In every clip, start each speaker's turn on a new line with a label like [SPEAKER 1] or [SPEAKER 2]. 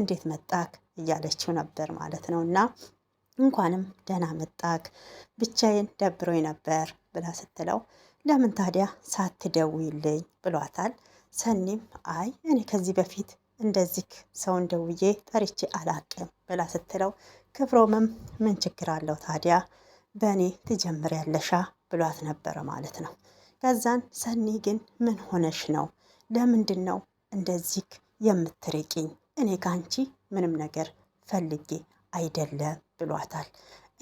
[SPEAKER 1] እንዴት መጣክ እያለችው ነበር ማለት ነው። እና እንኳንም ደህና መጣክ ብቻዬን ደብሮኝ ነበር ብላ ስትለው ለምን ታዲያ ሳትደውይልኝ ብሏታል። ሰኒም አይ እኔ ከዚህ በፊት እንደዚህ ሰውን ደውዬ ጠርቼ አላቅም ብላ ስትለው ክብሮምም ምን ችግር አለው ታዲያ በእኔ ያለሻ ብሏት ነበረ ማለት ነው። ከዛን ሰኒ ግን ምን ሆነሽ ነው? ለምንድን ነው እንደዚህ የምትርቂኝ? እኔ ከአንቺ ምንም ነገር ፈልጌ አይደለም ብሏታል።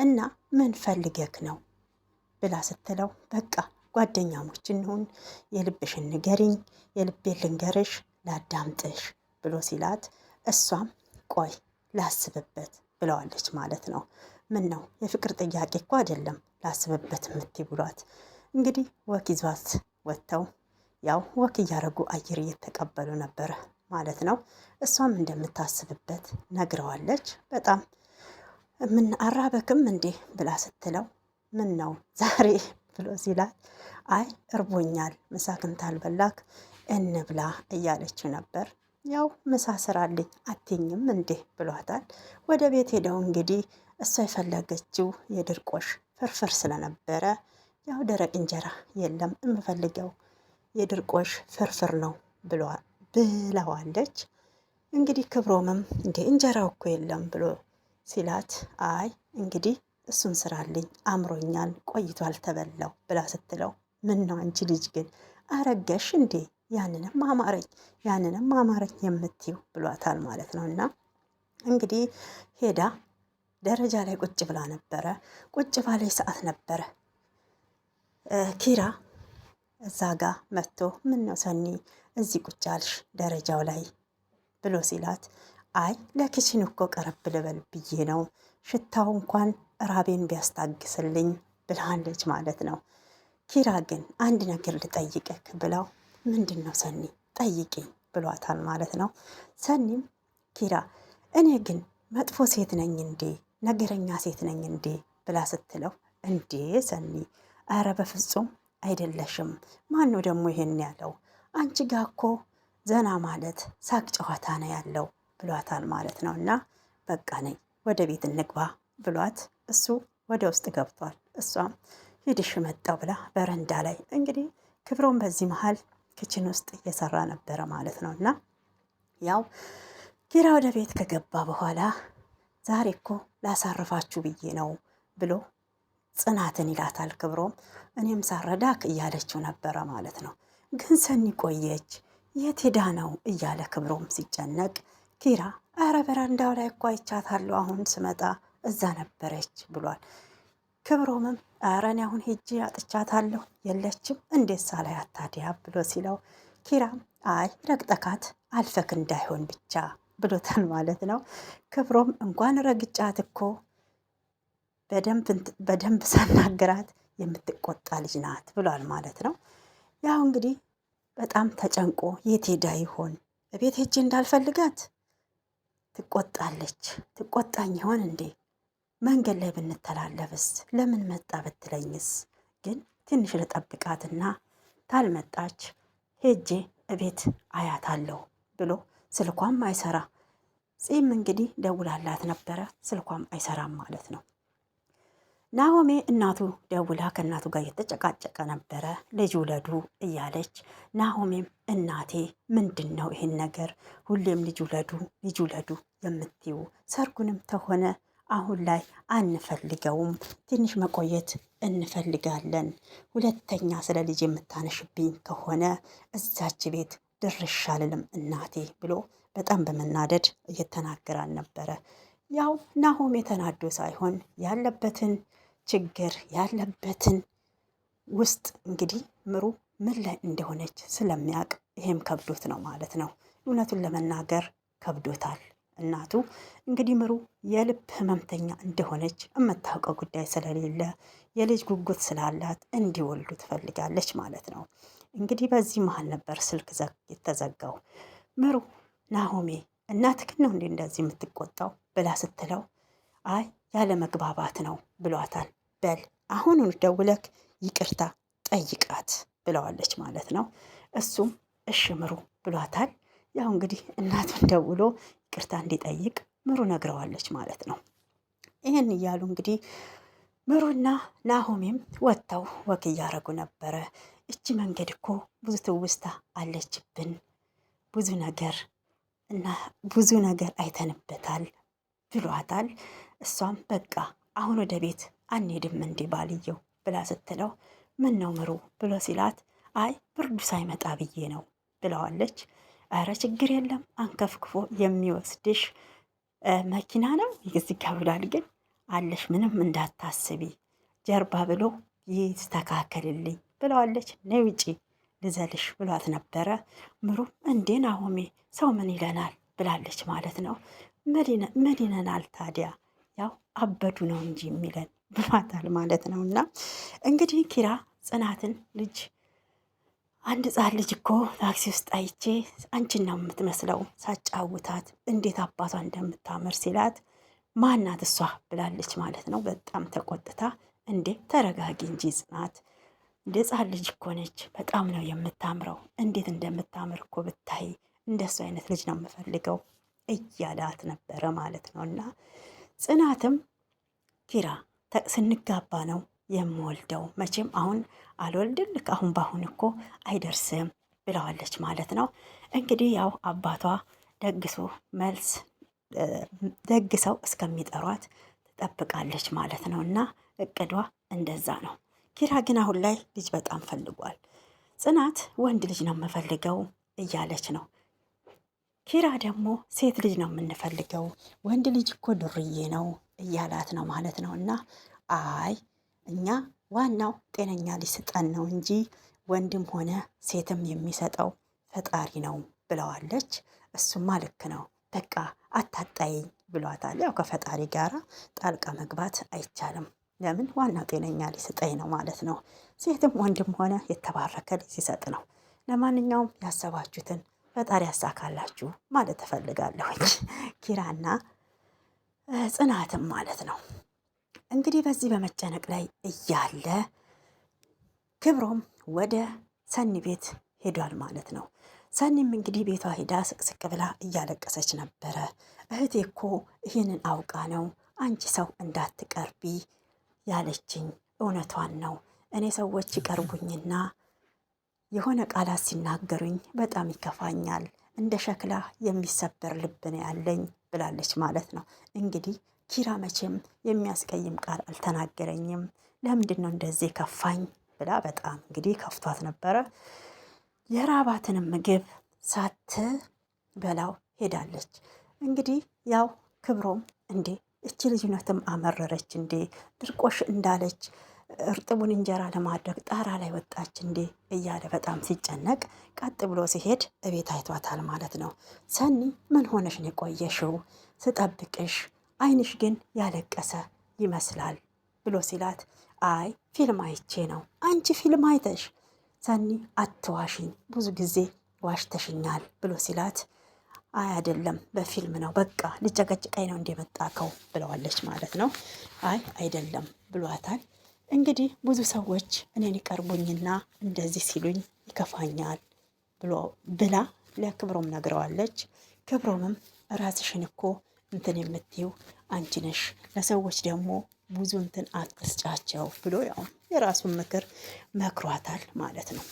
[SPEAKER 1] እና ምን ፈልገክ ነው ብላ ስትለው በቃ ጓደኛሞች እንሁን፣ የልብሽን ንገሪኝ፣ የልቤን ልንገርሽ፣ ላዳምጥሽ ብሎ ሲላት እሷም ቆይ ላስብበት ብለዋለች ማለት ነው። ምን ነው የፍቅር ጥያቄ እኮ አይደለም ላስብበት የምትይ ብሏት እንግዲህ ወክ ይዟት ወጥተው ያው ወክ እያደረጉ አየር እየተቀበሉ ነበረ። ማለት ነው። እሷም እንደምታስብበት ነግረዋለች። በጣም ምን አራበክም እንዴ ብላ ስትለው ምን ነው ዛሬ ብሎ ሲላት አይ እርቦኛል፣ ምሳ በላክ እንብላ እያለችው ነበር። ያው ምሳ ስራልኝ አትኝም እንዴ ብሏታል። ወደ ቤት ሄደው እንግዲህ እሷ የፈለገችው የድርቆሽ ፍርፍር ስለነበረ ያው ደረቅ እንጀራ የለም የምፈልገው የድርቆሽ ፍርፍር ነው ብለዋል ብለዋለች። እንግዲህ ክብሮምም እንደ እንጀራው እኮ የለም ብሎ ሲላት አይ እንግዲህ እሱን ስራልኝ አምሮኛል፣ ቆይቶ አልተበላው ብላ ስትለው ምን ነው አንቺ ልጅ ግን አረገሽ እንዴ? ያንንም አማረኝ ያንንም አማረኝ የምትይው ብሏታል ማለት ነው። እና እንግዲህ ሄዳ ደረጃ ላይ ቁጭ ብላ ነበረ። ቁጭ ባለች ሰዓት ነበረ ኪራ እዛ ጋ መጥቶ ምን ነው ሰኒ እዚህ ቁጭ አልሽ ደረጃው ላይ ብሎ ሲላት አይ ለክችን እኮ ቀረብ ልበል ብዬ ነው ሽታው እንኳን ራቤን ቢያስታግስልኝ ብልሃለች ማለት ነው። ኪራ ግን አንድ ነገር ልጠይቀክ ብለው ምንድን ነው ሰኒ ጠይቂኝ ብሏታል ማለት ነው። ሰኒም ኪራ እኔ ግን መጥፎ ሴት ነኝ እንዴ ነገረኛ ሴት ነኝ እንዴ ብላ ስትለው እንዴ ሰኒ ኧረ በፍጹም አይደለሽም ማን ነው ደግሞ ይሄን ያለው አንቺ ጋ እኮ ዘና ማለት ሳቅ ጨዋታ ነው ያለው ብሏታል ማለት ነው። እና በቃ ነኝ ወደ ቤት እንግባ ብሏት እሱ ወደ ውስጥ ገብቷል። እሷም ሂድሽ መጣው ብላ በረንዳ ላይ እንግዲህ ክብሮም በዚህ መሀል ክችን ውስጥ እየሰራ ነበረ ማለት ነው። እና ያው ኪራ ወደ ቤት ከገባ በኋላ ዛሬ እኮ ላሳርፋችሁ ብዬ ነው ብሎ ጽናትን ይላታል ክብሮም። እኔም ሳረዳክ እያለችው ነበረ ማለት ነው። ግን ሰኒ ቆየች። የት ሄዳ ነው እያለ ክብሮም ሲጨነቅ ኪራ ኧረ በረንዳው ላይ እኮ አይቻታለሁ አሁን ስመጣ እዛ ነበረች ብሏል። ክብሮምም ኧረ እኔ አሁን ሄጂ አጥቻታለሁ የለችም እንዴት ሳላያት ታዲያ ብሎ ሲለው ኪራም አይ ረግጠካት አልፈክ እንዳይሆን ብቻ ብሎታል ማለት ነው። ክብሮም እንኳን ረግጫት እኮ በደንብ ሳናግራት የምትቆጣ ልጅ ናት ብሏል ማለት ነው። ያው እንግዲህ በጣም ተጨንቆ የት ሄዳ ይሆን? እቤት ሄጄ እንዳልፈልጋት ትቆጣለች። ትቆጣኝ ይሆን እንዴ? መንገድ ላይ ብንተላለፍስ? ለምን መጣ ብትለኝስ? ግን ትንሽ ልጠብቃትና ታልመጣች ሄጄ እቤት አያታለሁ ብሎ ስልኳም አይሰራ ፂም እንግዲህ ደውላላት ነበረ። ስልኳም አይሰራም ማለት ነው። ናሆሜ እናቱ ደውላ ከእናቱ ጋር እየተጨቃጨቀ ነበረ። ልጅ ውለዱ እያለች ናሆሜም እናቴ ምንድን ነው ይህን ነገር ሁሌም ልጅ ውለዱ ልጅ ውለዱ የምትዩ ሰርጉንም ተሆነ አሁን ላይ አንፈልገውም፣ ትንሽ መቆየት እንፈልጋለን። ሁለተኛ ስለ ልጅ የምታነሽብኝ ከሆነ እዛች ቤት ድርሻ አልልም እናቴ ብሎ በጣም በመናደድ እየተናገራል ነበረ። ያው ናሆም የተናዶ ሳይሆን ያለበትን ችግር ያለበትን ውስጥ እንግዲህ ምሩ ምን ላይ እንደሆነች ስለሚያውቅ ይሄም ከብዶት ነው ማለት ነው። እውነቱን ለመናገር ከብዶታል። እናቱ እንግዲህ ምሩ የልብ ህመምተኛ እንደሆነች የምታውቀው ጉዳይ ስለሌለ የልጅ ጉጉት ስላላት እንዲወልዱ ትፈልጋለች ማለት ነው። እንግዲህ በዚህ መሀል ነበር ስልክ የተዘጋው። ምሩ ናሆሜ እናትክን ነው እንዴ እንደዚህ የምትቆጣው ብላ ስትለው አይ ያለ መግባባት ነው ብሏታል። በል አሁን ደውለክ ይቅርታ ጠይቃት ብለዋለች ማለት ነው። እሱም እሽ ምሩ ብሏታል። ያው እንግዲህ እናቱን ደውሎ ይቅርታ እንዲጠይቅ ምሩ ነግረዋለች ማለት ነው። ይህን እያሉ እንግዲህ ምሩና ናሆሜም ወጥተው ወግ እያረጉ ነበረ። እቺ መንገድ እኮ ብዙ ትውስታ አለችብን፣ ብዙ ነገር እና ብዙ ነገር አይተንበታል ብሏታል። እሷም በቃ አሁን ወደ ቤት አንሄድም እንዴ ባልየው ብላ ስትለው ምን ነው ምሩ ብሎ ሲላት አይ ብርዱ ሳይመጣ ብዬ ነው ብለዋለች። እረ ችግር የለም አንከፍክፎ የሚወስድሽ መኪና ነው እዚጋ ብሏል። ግን አለሽ ምንም እንዳታስቢ ጀርባ ብሎ ይስተካከልልኝ ብለዋለች። ነይ ውጪ ልዘልሽ ብሏት ነበረ። ምሩም እንዴ ናሆሜ ሰው ምን ይለናል ብላለች ማለት ነው። ምን ይለናል ታዲያ ያው አበዱ ነው እንጂ የሚለን ብሏታል ማለት ነው። እና እንግዲህ ኪራ ጽናትን ልጅ አንድ ሕፃን ልጅ እኮ ታክሲ ውስጥ አይቼ አንቺን ነው የምትመስለው ሳጫውታት እንዴት አባቷ እንደምታምር ሲላት ማናት እሷ ብላለች ማለት ነው። በጣም ተቆጥታ እንዴ ተረጋጊ እንጂ ጽናት እንደ ሕፃን ልጅ እኮ ነች፣ በጣም ነው የምታምረው። እንዴት እንደምታምር እኮ ብታይ እንደሱ አይነት ልጅ ነው የምፈልገው እያላት ነበረ ማለት ነው እና ጽናትም ኪራ ስንጋባ ነው የምወልደው። መቼም አሁን አልወልድም ልክ አሁን በአሁን እኮ አይደርስም ብለዋለች ማለት ነው። እንግዲህ ያው አባቷ ደግሶ መልስ ደግሰው እስከሚጠሯት ትጠብቃለች ማለት ነው። እና እቅዷ እንደዛ ነው። ኪራ ግን አሁን ላይ ልጅ በጣም ፈልጓል። ጽናት ወንድ ልጅ ነው የምፈልገው እያለች ነው። ኪራ ደግሞ ሴት ልጅ ነው የምንፈልገው፣ ወንድ ልጅ እኮ ዱርዬ ነው እያላት ነው ማለት ነው። እና አይ እኛ ዋናው ጤነኛ ሊሰጠን ነው እንጂ ወንድም ሆነ ሴትም የሚሰጠው ፈጣሪ ነው ብለዋለች። እሱማ ልክ ነው፣ በቃ አታጣይኝ ብሏታል። ያው ከፈጣሪ ጋር ጣልቃ መግባት አይቻልም። ለምን ዋናው ጤነኛ ሊሰጠኝ ነው ማለት ነው። ሴትም ወንድም ሆነ የተባረከ ሊሰጥ ነው። ለማንኛውም ያሰባችሁትን ፈጣሪ ያሳካላችሁ ማለት እፈልጋለሁ። ኪራና ጽናትም ማለት ነው እንግዲህ በዚህ በመጨነቅ ላይ እያለ ክብሮም ወደ ሰኒ ቤት ሄዷል ማለት ነው። ሰኒም እንግዲህ ቤቷ ሄዳ ስቅስቅ ብላ እያለቀሰች ነበረ። እህቴ እኮ ይህንን አውቃ ነው አንቺ ሰው እንዳትቀርቢ ያለችኝ። እውነቷን ነው። እኔ ሰዎች ይቀርቡኝና የሆነ ቃላት ሲናገሩኝ በጣም ይከፋኛል። እንደ ሸክላ የሚሰበር ልብ ነው ያለኝ ብላለች ማለት ነው። እንግዲህ ኪራ መቼም የሚያስቀይም ቃል አልተናገረኝም፣ ለምንድን ነው እንደዚህ ከፋኝ ብላ በጣም እንግዲህ ከፍቷት ነበረ። የራባትንም ምግብ ሳትበላው ሄዳለች። እንግዲህ ያው ክብሮም እንዴ እቺ ልጅነትም አመረረች እንዴ ድርቆሽ እንዳለች እርጥቡን እንጀራ ለማድረግ ጣራ ላይ ወጣች እንዴ እያለ በጣም ሲጨነቅ ቀጥ ብሎ ሲሄድ እቤት አይቷታል ማለት ነው። ሰኒ ምን ሆነሽ ነው የቆየሽው? ስጠብቅሽ አይንሽ ግን ያለቀሰ ይመስላል ብሎ ሲላት፣ አይ ፊልም አይቼ ነው። አንቺ ፊልም አይተሽ? ሰኒ አትዋሽኝ፣ ብዙ ጊዜ ዋሽተሽኛል ብሎ ሲላት፣ አይ አይደለም በፊልም ነው፣ በቃ ልጨቀጭቀኝ ነው እንደመጣከው ብለዋለች ማለት ነው። አይ አይደለም ብሏታል። እንግዲህ ብዙ ሰዎች እኔን ይቀርቡኝና እንደዚህ ሲሉኝ ይከፋኛል ብላ ለክብሮም ነግረዋለች። ክብሮምም ራስሽን እኮ እንትን የምትይው አንቺ ነሽ፣ ለሰዎች ደግሞ ብዙ እንትን አትስጫቸው ብሎ ያው የራሱን ምክር መክሯታል ማለት ነው።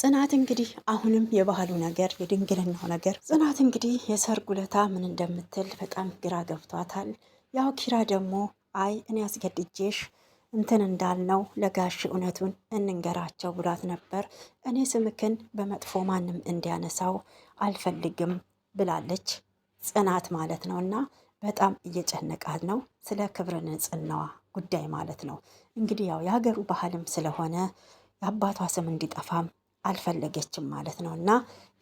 [SPEAKER 1] ጽናት እንግዲህ አሁንም የባህሉ ነገር የድንግልናው ነገር ጽናት እንግዲህ የሰርጉ ለታ ምን እንደምትል በጣም ግራ ገብቷታል። ያው ኪራ ደግሞ አይ እኔ አስገድጄሽ እንትን እንዳልነው ለጋሽ እውነቱን እንንገራቸው ብሏት ነበር። እኔ ስምክን በመጥፎ ማንም እንዲያነሳው አልፈልግም ብላለች ጽናት ማለት ነው። እና በጣም እየጨነቃት ነው ስለ ክብረ ንጽህናዋ ጉዳይ ማለት ነው። እንግዲህ ያው የሀገሩ ባህልም ስለሆነ የአባቷ ስም እንዲጠፋም አልፈለገችም ማለት ነው። እና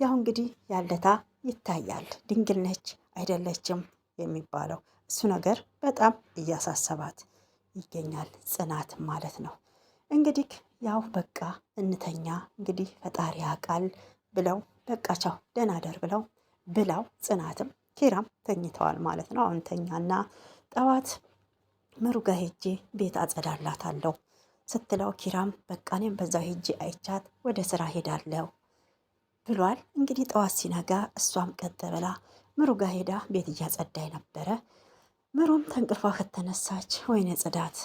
[SPEAKER 1] ያው እንግዲህ ያለታ ይታያል። ድንግል ነች አይደለችም የሚባለው እሱ ነገር በጣም እያሳሰባት ይገኛል ጽናት ማለት ነው። እንግዲህ ያው በቃ እንተኛ እንግዲህ ፈጣሪ ያውቃል ብለው በቃ ቻው ደህና ደር ብለው ብላው ጽናትም ኪራም ተኝተዋል ማለት ነው። አሁንተኛና ጠዋት ምሩ ጋ ሄጄ ቤት አጸዳላታለሁ ስትለው ኪራም በቃ እኔም በዛው ሄጄ አይቻት ወደ ስራ ሄዳለሁ ብሏል። እንግዲህ ጠዋት ሲነጋ እሷም ቀጥ ብላ ምሩ ጋ ሄዳ ቤት እያጸዳይ ነበረ ምሩም ተንቅልፏ ከተነሳች ወይኔ ጽዳት፣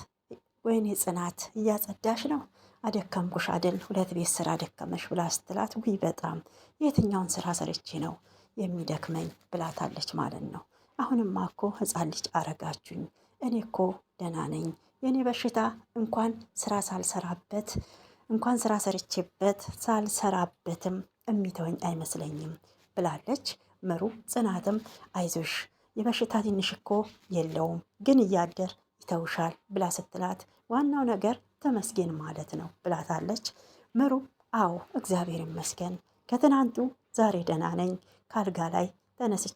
[SPEAKER 1] ወይኔ ጽናት እያጸዳሽ ነው አደከምኩሽ አደል ሁለት ቤት ስራ አደከመሽ ብላ ስትላት፣ ውይ በጣም የትኛውን ስራ ሰርቼ ነው የሚደክመኝ ብላታለች ማለት ነው። አሁንማ እኮ ህፃን ልጅ አረጋችሁኝ። እኔ እኮ ደህና ነኝ። የእኔ በሽታ እንኳን ስራ ሳልሰራበት እንኳን ስራ ሰርቼበት ሳልሰራበትም እሚተወኝ አይመስለኝም ብላለች ምሩ። ጽናትም አይዞሽ የበሽታ ትንሽ እኮ የለውም ግን እያደር ይተውሻል ብላ ስትላት ዋናው ነገር ተመስገን ማለት ነው ብላታለች። ምሩ አዎ እግዚአብሔር ይመስገን ከትናንቱ ዛሬ ደህና ነኝ፣ ካልጋ ላይ ተነስቼ